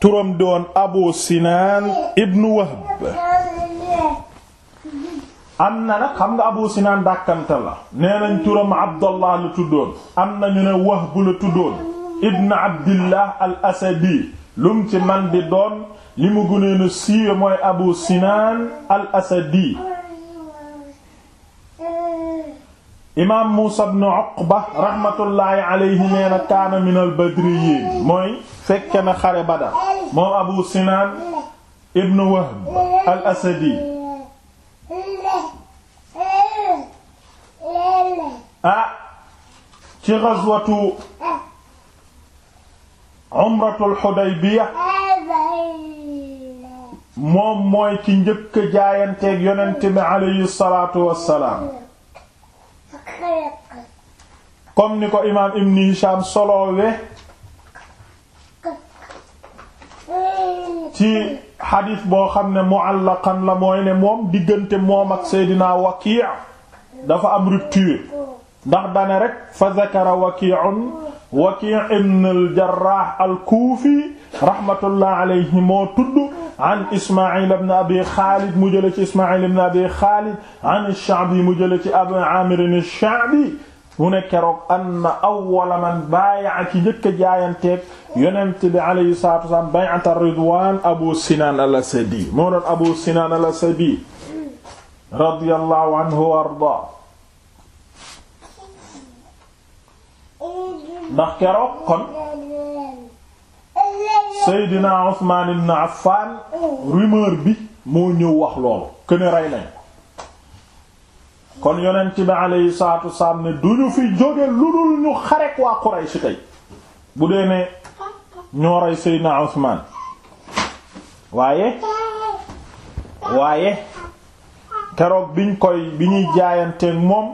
turam doon Abu Sinaan ibn Wahb am na nag xam nga Abu Sinaan dàkkante la nee nañ turam Abdallah la tuddoon am na ñu ne Wahb la tuddoon ibn Abdillah al Asadi lum ci man di doon li mu gënoon a siiwe mooy Abu Sinaan al Asadi imaam Muusa ibn Uqba rahmatullahi alayhi nee na kaana min al badriyin mooy fekke na xare Badar moom Abu Sinaan ibn Wahb al Asadi ah ci gazwatu umratul Hudaybiya moom mooy ki njëkk jaayanteeg yonent bi alayhi salaatu wassalaam comme ni ko imaam Ibn Hisham soloowe ci xadiis boo xam ne muallaqan la mooy ne moom diggante moom ak Seydina Waki' dafa am rupture ndax dane rek fa zakara Waki'un ibn al-Jarrah al-Kufi rahmatullah alayhi moo tudd an Ismaïl ibn Abi Khalid mu jële ci Ismaïl ibn Abi Khalid an ash-Sha'bi mu jële ci Abu Amir ash-Sha'bi mu ne keroog anna awwala man baaya'a ki njëkk a jaayanteeg yonent bi alayhi salaatu wassalaam bay'ata ridwaan Abu Sinaan al-Asadi moo doon Abu Sinaan al-Asadi radiyallahu anhu wa ardaa ndax keroog kon Seydina Usmaan ibn Affaan rumeur bi moo ñëw wax loolu këne rey nañ kon yonent bi alayhi salaatu wasalaam ne du ñu fi jóge lu dul ñu xarek waa Quraysh tey bu dee ne ñoo rey Seydina Usmaan waaye waaye keroog biñ koy bi ñuy jaayanteeg moom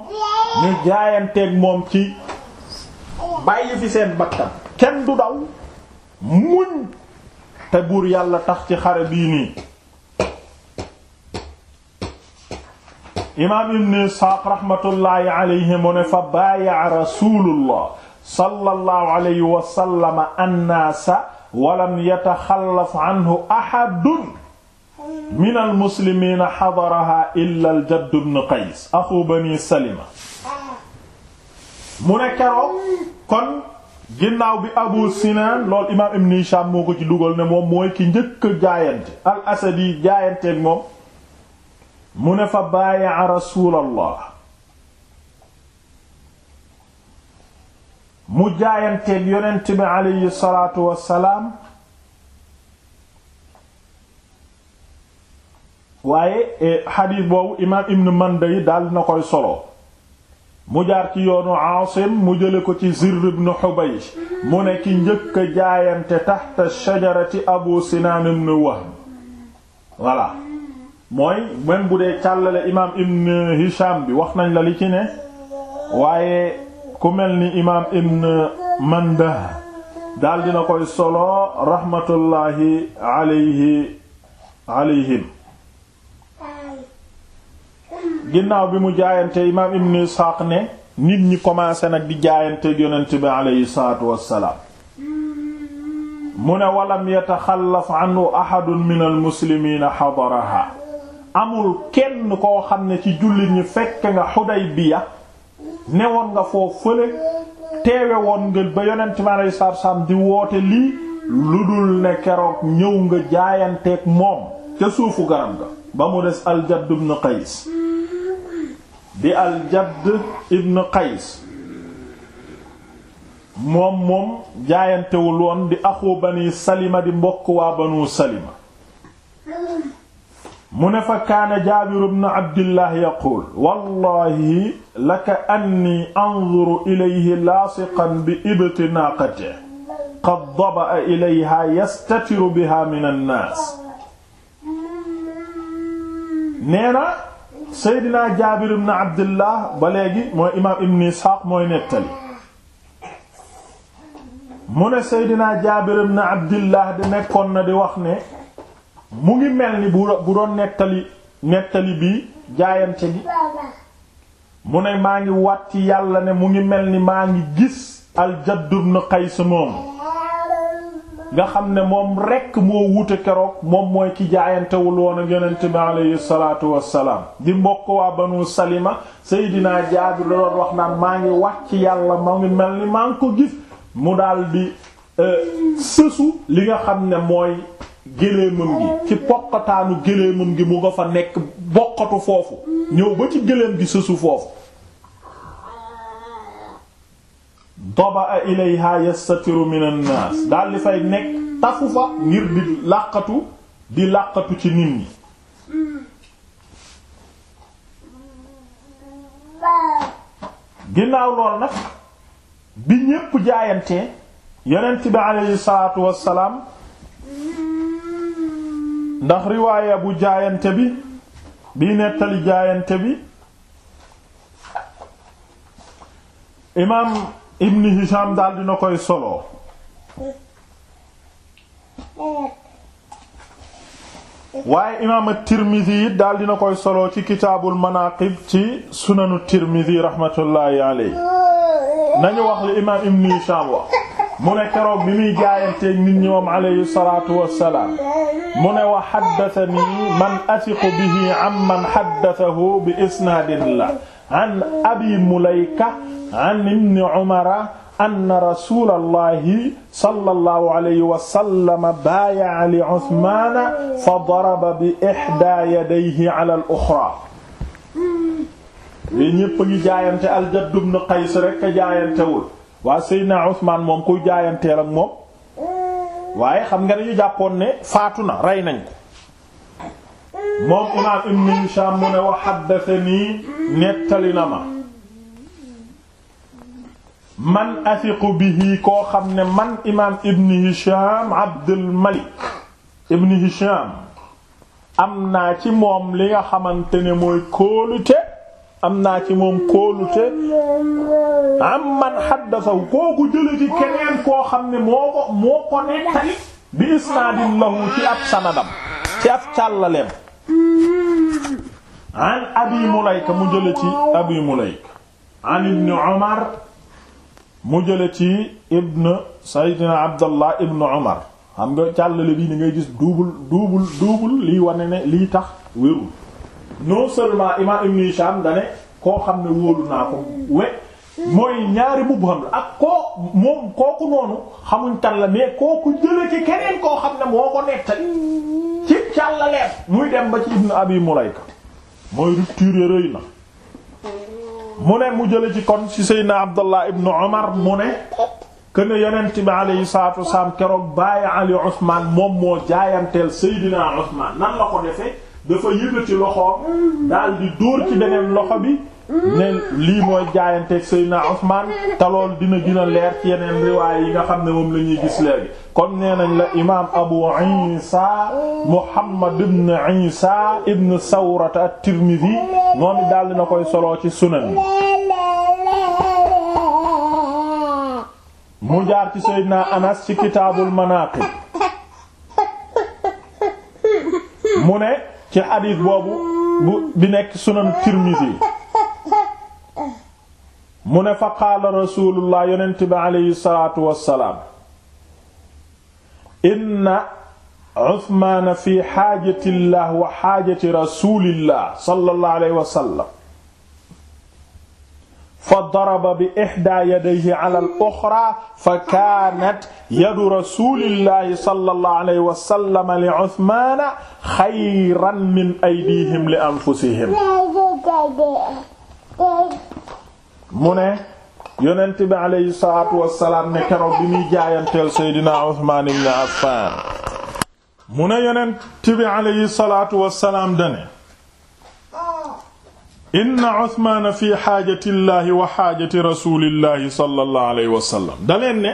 ñu jaayanteeg moom ci bàyyi fi seen bakkan kenn du daw muñ te buur yàlla tax ci xare bii nii imaam ibn Isxaaq rahmatullahi alayhi mu ne fa baayaa rasulullah sallallahu alayhi wa sallama annaasa walam yataxallaf anhu ahadun minal muslimiina xadaraha illa al Jadd ibn Qays axu bani Salima mu ne keroog kon ginnaaw bi Abu Sinan lool imaam ibn Hishaam moo ko ci dugal ne moom mooy ki njëkk jaayante al Asadi jaayanteeg moom. mu ne fa baayaa rasuulallah mu jaayanteeg yonent bi aleyhi salaatu wassalaam waaye e, xadiis boobu imaam ibn manda yi daal na koy solo mu jaar ci yoonu aasim mu jële ko ci zirr ibn xubaysh mu ne ki njëkk jaayante taxta shajarati abu sinaan ibn wahb mooy même bu dee càllale imaam ibn Hisham bi wax nañ la li ci ne waaye ku mel ni imaam ibn Mandah daal dina koy solo rahmatullahi alayhi alayhim ginnaaw bi mu jaayante imaam ibn Ishaq ne nit ñi commencé nag di jaayante yonent bi alayhi salaatu wassalaam mu ne walam yataxallaf anhu ahadun min almuslimiina xadaraha amul kenn koo xam ne ci jullit ñi fekk nga Xudaybiya newoon nga foofu fële teewe woon nga ba yonent mi alayhi salaatu salaam di woote lii lu dul ne keroog ñëw nga jaayanteeg moom ca suufu garab ga ba mu des Aljadd ibn Qays di Aljadd ibn Qays moom moom jaayantewul di axu Bani Salima di mbokk waa Banu Salima mune ne fa kaana jaabiru bnu abdillah yaquul wallahi laka anni anzuru ilayhi laasiqan bi ibti naaqate qad daba'a ilayha yastatiru biha min annaas nee na seydina jaabir bnu abdillah ba léegi mooy ibn isxaaq mooy nettali mu seydina jaabir bnu abdillah di nekkoon na di wax ne mu ngi mel ni bu bu doon nettali nettali bi jaayante gi mu ne maa ngi waat ci yàlla ne mu ngi mel ni maa ngi gis al Jadd moom nga xam ne moom rekk moo wuute keroog moom mooy ki jaayantewul woon ak yonent bi aleyhi salaatu wassalaam di mbokk waa banu salima Seydina Jaabir la doon wax naan maa ngi wax ci yàlla maa ngi mel ni maa ngi ko gis mu bi euh, sësu li nga xam ne mooy géléemam gi ci poqataanu géléemam gi mu nga fa nekk boqatu foofu ñëw ba ci géléem gi sësu foofu daba ilayha yastatiru min an di fay nekk tafu fa ngir di làqatu di làqatu ci nit ñi ginnaaw lool nag bi ñépp jaayante yonent bi alayhi salaatu wassalaam ndax riwaaya bu jaayante bi bi nettali jaayante bi imaam ibn Hisham daal dina koy solo waaye imaam at-Tirmidhi it daal dina koy solo ci kitaabul manaqib ci sunanu Tirmidhi rahmatullahi alayhi nañu wax li imaam ibn Hisham wax mu ne keroog bi muy jaayanteeg nit ñi moom alayhi salaatu wassalaam mu ne wa haddathanii man athiqu bihi amman haddathahu bi isnaadin la an abi mulayka an ibni umara anna rasuulallahi sallallahu alayhi wa sallam baaya'a li Usmaana fa daraba bi ihdaa yadayhi ala al-uxraa. li ñépp ngi jaayante al-Jadd ibn Qays rekk jaayantewul. waa Seydina Usmaan moom kuy jaayanteel ak moom waaye xam nga dañu jàppoon ne faatu na rey nañ ko moom imaam Ibn Hishaam mu ne wa haddathanii nettali na ma man athiqu bihi koo xam ne man imaam Ibn Hishaam Abdul Malik Ibn Hishaam am naa ci moom li nga xamante ne mooy kóolute am naa ci moom kóolute am man xaddasahu kooku jële ci keneen koo xam ne moo ko moo ko nettali bi isnaadin lahu ci ab sanadam ci ab càllaleem an abi mulayka mu jële ci abi mulayka an ibni omar mu jële ci ibn saydina abdallah ibn omar xam nga càllale bii ni ngay gis double double double lii wane ne lii tax wérul non seulement imam ibn hisham dane koo xam ne wóolu naa ko we mooy ñaari mubham la ak koo moom kooku noonu xamuñ tan la mais kooku jële ci keneen koo xam ne moo ko nettali ci càlla leer muy dem ba ci ibnu abi mulayka mooy rupture rëy na mu ne mu jële ci kon ci seydna abdallah ibnu omar mu ne kën a yonent bi aleyhi salatu wasalaam keroog bàyyi ali usman moom moo jaayanteel seydina usman nan la ko defee dafa yëgati loxoom daal di dóor ci beneen loxo bi ne lii mooy jaayanteeg Seydina Usmaan te loolu dina gën leer ci yeneen riwaay yi nga xam ne moom lañuy ñuy gis léegi kon nee nañ la imaam Abu Isa Muhammad ibn Isa ibn Sawrata at-Tirmidhi moom it daal koy soloo ci sunan bi mu jaar ci Seydina Anas ci kitaabul Manaqib mu ne ci hadith boobu bu bi nekk sunan Tirmidhi mu ne fa qaala rasulullah yonent bi aleyhi salaatu wassalaam inna Usmaana fi xaajatillah wa xaajati rasulillah sallallahu alayhi wa sallam fa daraba bi ixdaa yadayhi ala al-uxraa fa kaanat yadu rasulillahi sallallahu alayhi wa sallam li Usmaana xayran min aydihim li anfusihim mu ne yonent bi salaatu wassalaam ne keroog bi muy jaayanteel seydina Usmaan ibn Affaan mu ne yonent bi aleyhi salaatu wassalaam dane inna Usmaan fi xaajati llahi wa xaajati rasulillahi sallallahu alayhi wa sallam da leen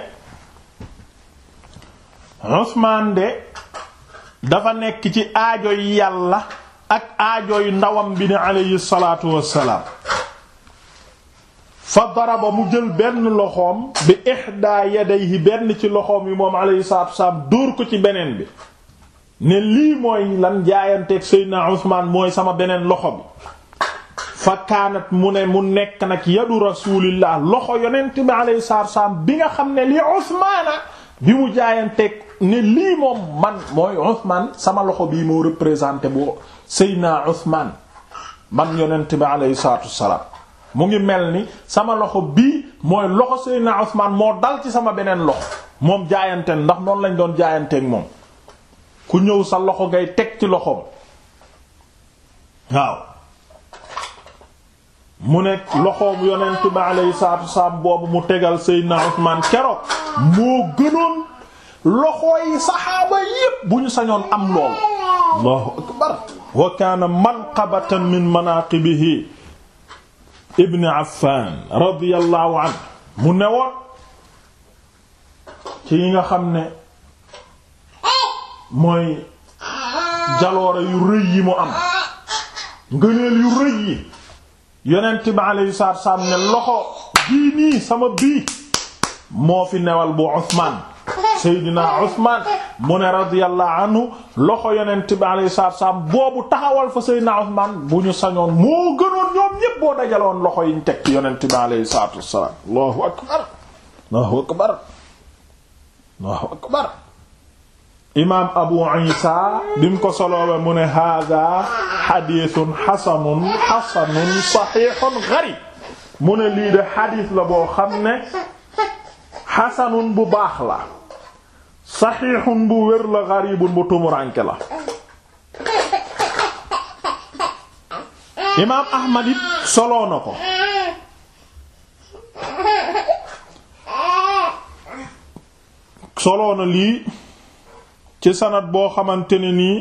dafa nekk ci aajoy yàlla ak aajoy ndawam bi ne aleyhi salaatu wassalaam fa daraba mu jël benn loxoom bi ihda yadayhi benn ci loxoom yi moom alayhi salaatu wasalaam ko ci beneen bi ne lii mooy lan jaayanteeg Seydina Usmaan mooy sama beneen loxo bi fa kaanat mu ne mu nekk nag yadu rasulillah loxo yonent bi alayhi bi nga xam ne lii Usmaana bi mu jaayanteeg ne lii moom man mooy Usmaan sama loxo bii moo représenté bu Seydina Usmaan man yonent bi salaatu wasalaam mu ngi mel ni sama loxo bii mooy loxo na Usmaan moo dal ci sama beneen loxo moom jaayante ndax noonu lañ doon jaayanteeg moom ku ñëw sa loxo ngay teg ci loxoom waaw mu ne loxoom yonent bi alayhi salaatu wasalaam boobu mu tegal Seydina Usmaan keroog moo gënoon loxo yi saxaaba yépp bu ñu sañoon am loolu allahu akbar wa kaana manqabatan min manaqibihi ibn Affan radiyallahu anhu mu newoon ci yi nga xam ne mooy jaloore yu rëy yi mu am ngëneel yu rëy yi yonent bi alayhi salaatu wa ne loxo bii nii sama bii moo fi newal bu Usmaan Seydina Usmaan mu ne anhu loxo yonent bi alayhi salaatu salaam boobu taxawal fa Seydina Usmaan bu ñu sañoon moo gënoon ñoom ñépp boo dajaloon loxo yi ñu teg ci yonent bi alayhi salaatu salaam Allahu akbar imaam Abu Isa bi ko soloowe mu ne haaza xadiisun xasanun xasanun saxiixun gariib ne lii de xadiis la boo xam ne xasanun bu baax la saxiixun bu wér la xaribun bu tumuranke la imaam ahmad it soloo na ko soloo na lii ci sanad boo xamante ne nii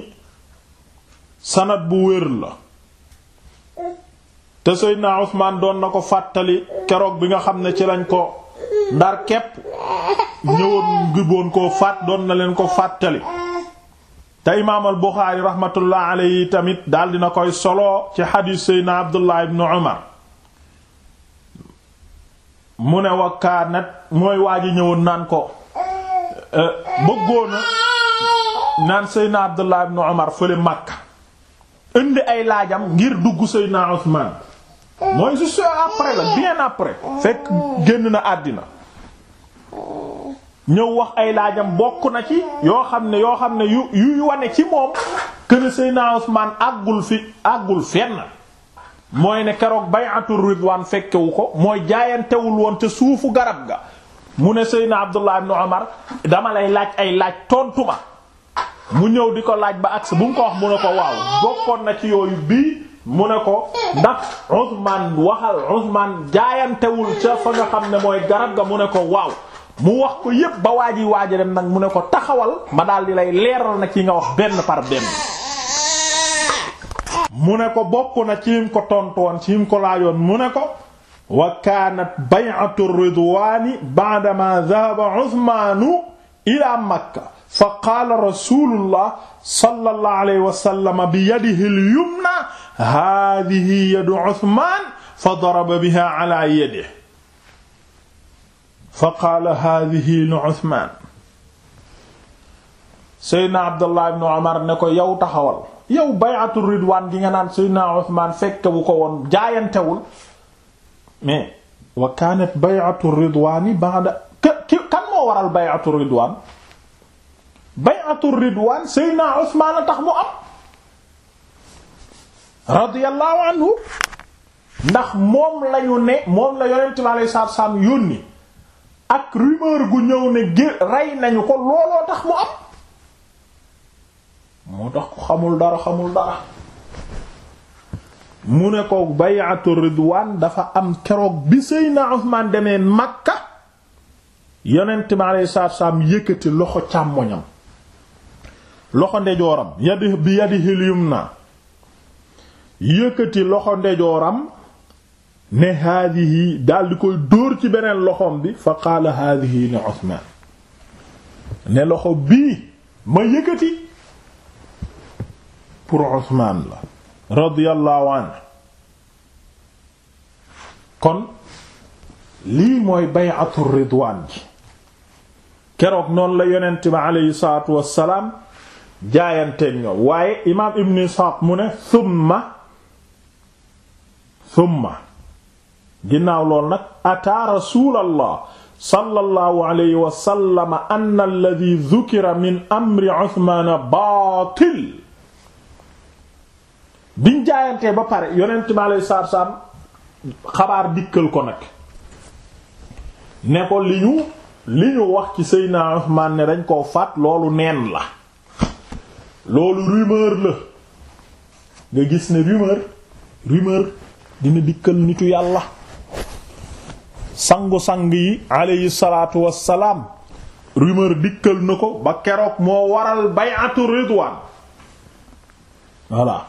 sanad bu wér la te Seydina Usmaan doon na ko fàttali keroog bi nga xam ne ci lañ ko ndar kepp ñëwoon giboon koo faat doon na leen ko fàttali te imaam al Buxaari rahmatullah tamit daldi na koy solo ci xadiis seydna Abdullah ibn Umar mu ne wa kaanat mooy waa ñëwoon naan ko euh, bëggoona naan seydna Abdullah ibn Umar fële Makka indi ay laajam ngir dugg seydna Usmaan mooy juste après la bien après fekk génn na àddina ñëw wax ay laajam bokk na ci yoo xam ne yoo xam ne yuy wane ci moom kër Seydina Usmaan àggul fi àggul fenn mooy ne keroog bay'atul ridwaan fekkewu ko mooy jaayantewul woon te suufu garab ga mu ne Seydina Abdullah nu Umar dama lay laaj ay laaj tontuma mu ñëw di ko laaj ba agsi bu mu ko wax mu ne ko waaw bokkoon na ci yooyu bii mu ne ko ndax Usmaan waxal Usmaan jaayantewul ca fa nga xam ne mooy garab ga mu ne ko waaw mu wax ko yépp ba waaji waaja dem nag mu ne ko taxawal ma daal di lay leeral nag ci nga wax benn par benn mu ne ko bokk na ciim ko tontoon ciim ko laajoon mu ne ko wa kaanat bay'atu ridwaani ba'dama dhahaba Usmaanu ila Makka fa qaala rasulullah sallallahu alayhi wa sallam bi yadihi al-yumna haadihi yadu Usmaan fa daraba biha ala yadihi fa qaala haadihi li Usmaan Seydina Abdallah ibn Umar ne ko yow taxawal yow bay'atu ridwaan gi nga naan Seydina Usmaan fekkewu ko woon jaayantewul mais wa kaanat bay'atu ridwaani ba'da kan moo waral bay'atu ridwaan bay'atu ridwaan Seydina Usmaan a tax mu am radiyallahu anhu ndax moom lañu ne moom la yonent bi alayhi salaatu salaam yónni ak rumeur gu ñëw ne gé rey nañu ko looloo tax mu am moo tax ku xamul dara xamul dara mu ne ko bay'atu ridwaan dafa am keroog bi Seydina Usmaan demee Makka yonent bi alayhi salaatu salaam loxo càmmoñam loxo ndejooram yadi bi yadihil yumna yëkkati loxo ndejooram ne haadihi daal di koy dóor ci beneen loxoom bi fa qaala haadihi li Usmaan ne loxo bii ma yëkkati pour Usmaan la radiyallahu anhu kon lii mooy bay'atu ridwaan ji keroog noonu la yonent bi aleyhi salaatu wassalaam jaayanteeg ñoom waaye imaam ibn Isxaaq mu ne summa thumma ginnaaw lool nag ataa rasuulallah sallallahu alayhi wa sallam anna alladhi min amri Uthman baatil biñ jaayantee ba pare yonent mi alayhi salaam xabaar dikkal ko nag ne ko li ñu li ñu wax ci Seydina Uthman ne dañ koo faat loolu neen la loolu rumeur la nga gis ne rumeur rumeur dina dikkal nitu yàlla sangu-sang yi alayhi salaatu wassalaam rumeur dikkal na ko ba keroog moo waral bay'atu ridwaan voilà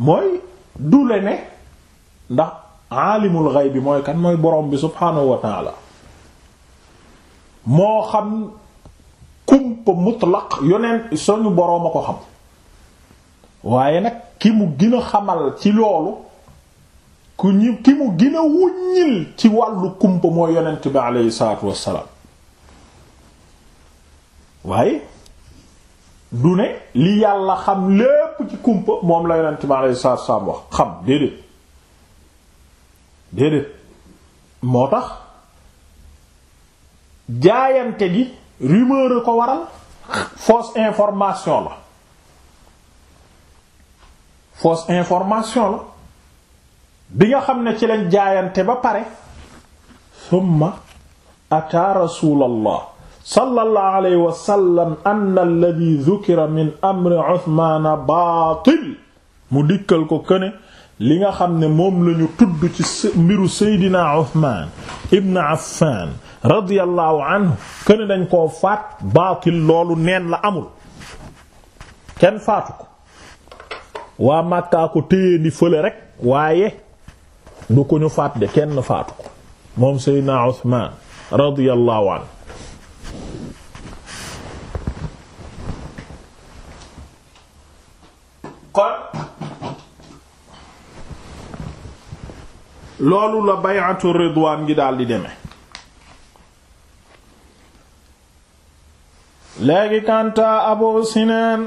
mooy dule ne ndax aalimul gayb bi mooy kan mooy borom bi subhaanahu wa moo xam kumpa mutlaq yoneen suñu boroom a ko xam waaye nag ki mu gën xamal ci loolu ku ñu ki mu gën a wuññil ci wàllu kumpa mooy yonent bi aleyhi salaatu wassalaam waaye du ne li yàlla xam lépp ci kumpa moom la yonent bi aleyhi salaatu wassalaam wax xam déedéet déedéet moo tax jaayante gi rumeur a ko waral fausse information la fausse information la bi nga xam ne ci lañ jaayante ba pare summa ataa rasulallah sallallahu alayhi wa sallam anna alladhi dhukira dikkal ko këne li nga xam ne moom lañu tudd ci mbiru Seydina Uthman ibn Affan radiyallahu anhu këne dañ koo faat baatil loolu neen la amul kenn faatu ko waa Makka ko téye fële rek waaye du ko ñu faat kenn faatu ko moom Seydina Usmaan radiyallahu an loolu la bay'atu ridwaan gi daldi di léegi kanta Abu Sinaan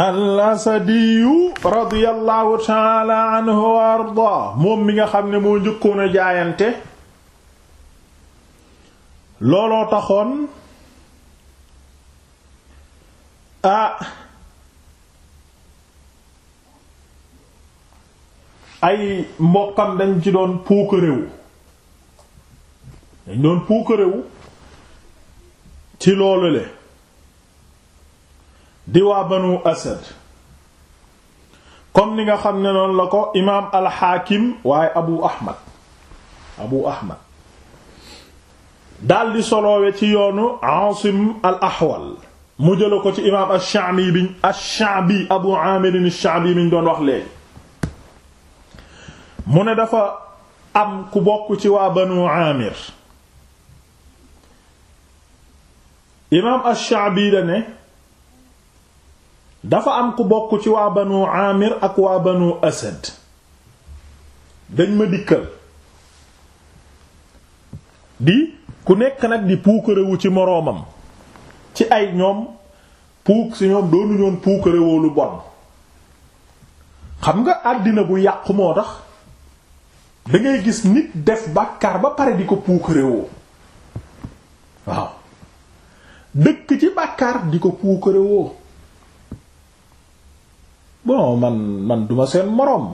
al-Asadiyu radiyallahu ta'ala anhu ardaa moom mi nga xam ne moo njëkkoon a jaayante looloo taxoon a ay mbokkam dañ ci doon puukarewu dañ doon puukarewu ci loolu le di waa banu asad comme ni nga xam ne noonu la ko imaam alxaakim waaye abu ahmad abu ahmad daldi soloowe ci yoonu asim al ahwal mu jëla ko ci imaam ash-sha'bi biñ abu amir ash biñ doon wax léegi mu ne dafa am ku bokk ci waa banu amir imaam ash-sha'bi da ne dafa am ku bokk ci waa banu amir ak waa banu asad dañ ma dikkal di ku nekk nag di puukarewu ci moroomam ci ay ñoom puuk ci ñoom doonu ñoon puukarewoo lu bon xam nga àddina bu yàqu moo tax da ngay gis nit def bàkkaar ba pare di ko puukarewoo waaw dëkk ci bàkkaar di ko puukarewoo bon man man duma seen moroom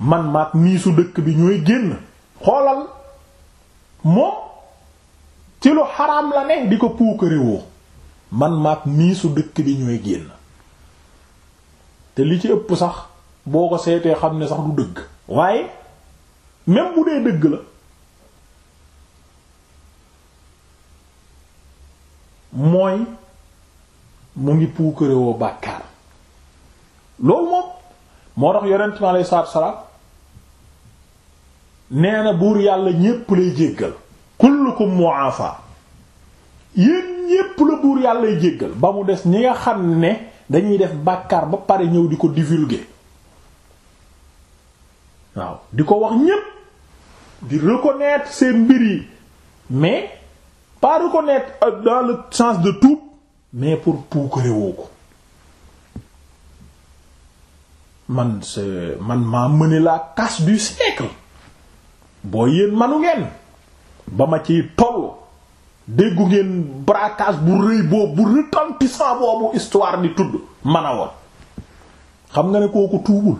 man maak miisu dëkk bi ñooy génn xoolal moom ci lu xaraam la ne di ko puukarewoo man maak miisu dëkk bi ñooy génn te li ci ëpp sax boo ko seetee xam ne sax du dëgg waaye même bu dee dëgg la mooy mu ngi puukarewoo bàkkaar loolu moom moo tax yonent mi aleyhi salaatu salaam nee na buur yàlla ñépp lay jéggal kullukum mu'afa yéen ñépp la buur yàllay jéggal ba mu des ñi nga xam ne dañuy def bàkkaar ba pare ñëw di ko divulguer waaw di ko wax ñépp di reconnaître seen mbir yi mais pas reconnaître dans le sens de tout mais pour puukarewoo ko man c'est man maa mëne la casse du siècle boo yéen manu ngeen ba ma ci toll déggu ngeen braquage bu rëy boobu bu retentissant boobu histoire di tudd man a woon xam nga ne kooku tuubul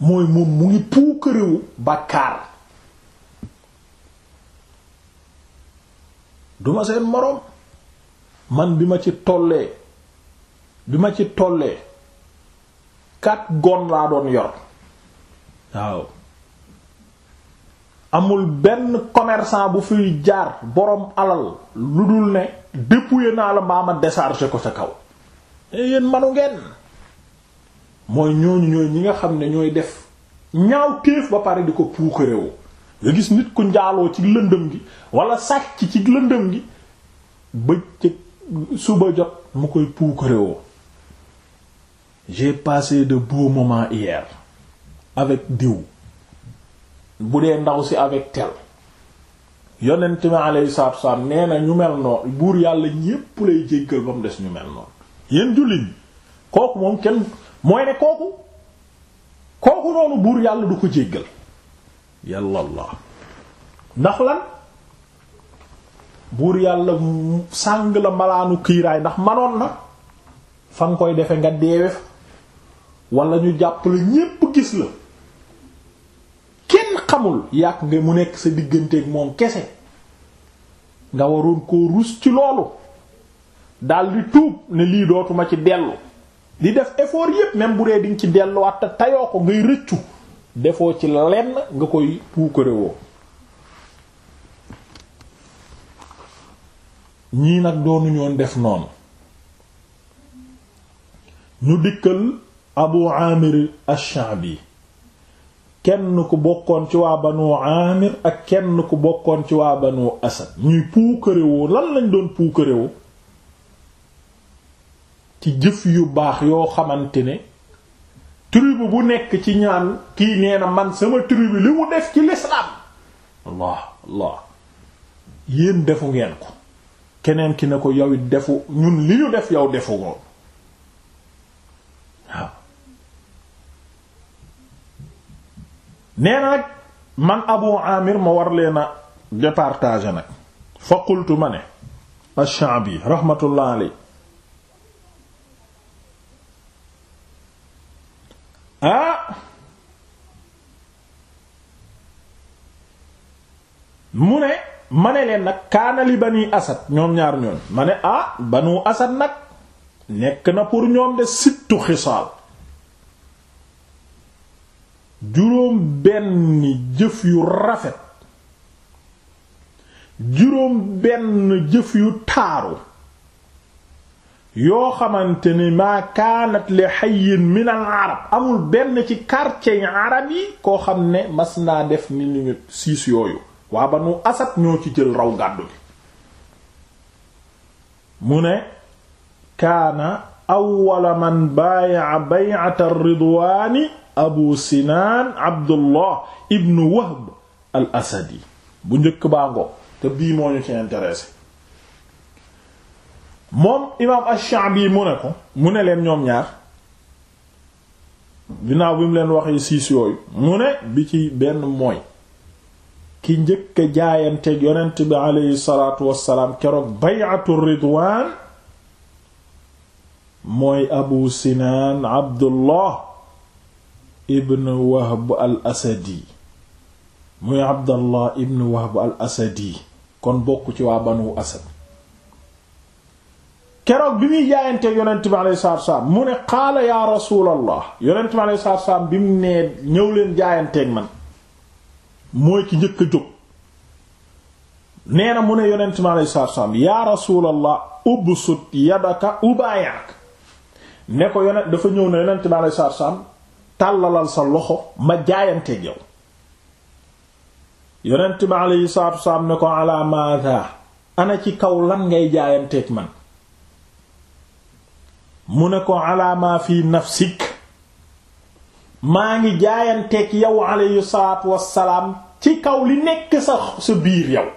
mooy moom mu ngi puukarewu bàkkaar duma seen moroom man bi ma ci tollee bi ma ci tollee quatre gon laa doon yor waaw amul benn commerçant bu fi jaar boroom alal lu dul ne dépouiller naa la mbaama décharger ko sa kaw eh, yéen manu ngeen mooy ñooñu ñooy ñi nga xam ne ñooy def ñaaw téef ba pare di ko puukarewu nga gis nit ku njaaloo ci lëndëm gi wala sàcc ci lëndëm gi bëccëg suba jot mu koy puukarewoo j'ai passé de beaux moments hier avec diw bu dee ndaw si avec tel yonent mi alayhi salaatu wasalaam nee na ñu mel noonu buur yàlla ñépp lay jéggal ba mu des ñu mel noonu yéen jullit kooku moom kenn mooy ne kooku kooku noonu buur yàlla du ko jéggal yàlla la ndax lan buur yàlla sàng la malaanu kiiraay ndax manoon na fa nga koy defe nga deewe fa wala ñu jàpp la ñépp gis la kenn xamul yàq nga mu nekk sa digganteeg moom kese nga waroon koo rus ci loolu daldi tuub ne lii dootuma ci dellu di def effort yépp même bu dee diñ ci delluwaat te tayoo ko ngay rëccu defoo ci lenn nga koy puukarewoo ñii nag doonuñoon def noonu ñu dikkal abu amir ash-sha'bi kenn ku bokkoon ci waa banu amir ak kenn ku bokkoon ci waa banu asad ñuy puukarewoo lan lañ doon puukarewoo ci jëf yu baax yoo xamante ne tribu bu nekk ci ñaan kii nee man sama tribu li mu def ci lislaam allah allah yéen defu ngeen ko keneen ki ne ko yow defu ñun li ñu def yow defu woon nee na nag man abu amir ma war leen a départager nag fa qultu ma ne ash-Sha'bi rahmatullah alayhi ah mu ne ma ne leen nag kaana ba bani asad ñoom ñaar ñoon ma ne ba ah, banu asad nag nekk na pour ñoom de sittu xisaal juróom benn jëf yu rafet juróom benn jëf yu taaru yoo xamante ni maa kaanat li xayin min arab amul benn ci quartier yi arab yi koo xam ne mas naa def ni li siis yooyu waa Banu Asad ñoo ci jël raw gàddu gi mu ne kaana awwala man baaya'a bay'ata ridwaani abu sinaan abdullah ibnu wahb al asadi bu njëkk baa ngo te bii moo ñu ci intéressé moom imaam ash-Sha'bi mu ne ko mu ne leen ñoom ñaar ginnaaw bi mu leen waxee siis yooyu mu ne bi ci benn mooy ki njëkk jaayante yonent bi aleyhi salaatu wassalaam keroog bay'atu ridwaan mooy abu sinaan abdullah ibn wahb al asadi muy abdallah ibn wahb al asadi kon bokk ci waa banu asad keroog bi muy jaayante yonent bi alayhi salaatu salaam mu ne qaala yaa rasuulallah yonent bi salaam bi mu nee ñëw leen jaayanteeg man mooy ki njëkk a jóg nee na mu ne yonent bi salaam yaa rasuulallah ubsut yadaka ubaayaak ne ko yonent dafa ñëw ne yonent bi alei satu salaam tàllalal sa loxo ma jaayanteeg yow yonent bi aleyhi salatu salaam ci kaw lan ngay jaayanteeg man mu ne ko ala ma fi maa ngi jaayanteeg yow aleyhi salatu wassalaam ci kaw li nekk sa yow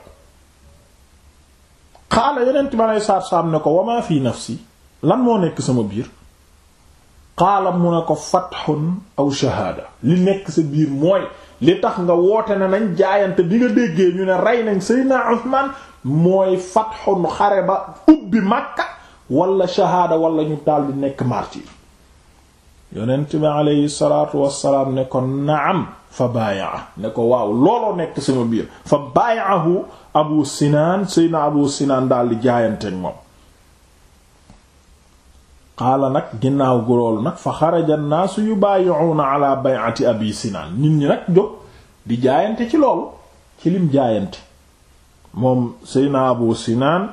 xaala yonent bi aleyhi salatu salaam ne ko wa ma fi nafsi lan moo nekk sama biir xaala mu ne ko fatxun aw shahaada li nekk sa biir mooy li tax nga woote na nañ jaayante bi nga déggee ñu ne rey nañ Seydina Usmaan mooy fatxun xare ba ubbi Makka wala shahaada wala ñu daldi nekk martyr yonent bi aleyhi salaatu wassalaam ne ko naam fa baayaa ne ko waaw looloo nekk sama biir fa baayaahu Abu Sinaan Seydina Abu Sinaan daldi jaayanteek moom xaala nag ginnaaw gu loolu nag fa xaraja naasu yubaayi'una ala bay'ati abi sinaan nit ñi nag jóg di jaayante ci loolu ci lim jaayante moom seyna abu sinaan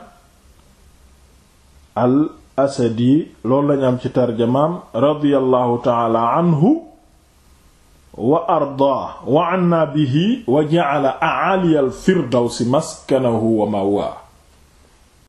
al asadi loolu lañu am ci tarjamaam radiyallahu taala anhu wa ardaa wa anna bihi wa ja'ala a'ali al firdawsi maskanahu wa mawaa